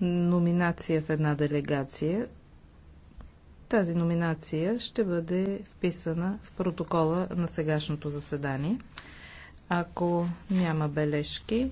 номинация в една делегация, тази номинация ще бъде вписана в протокола на сегашното заседание. Ако няма бележки,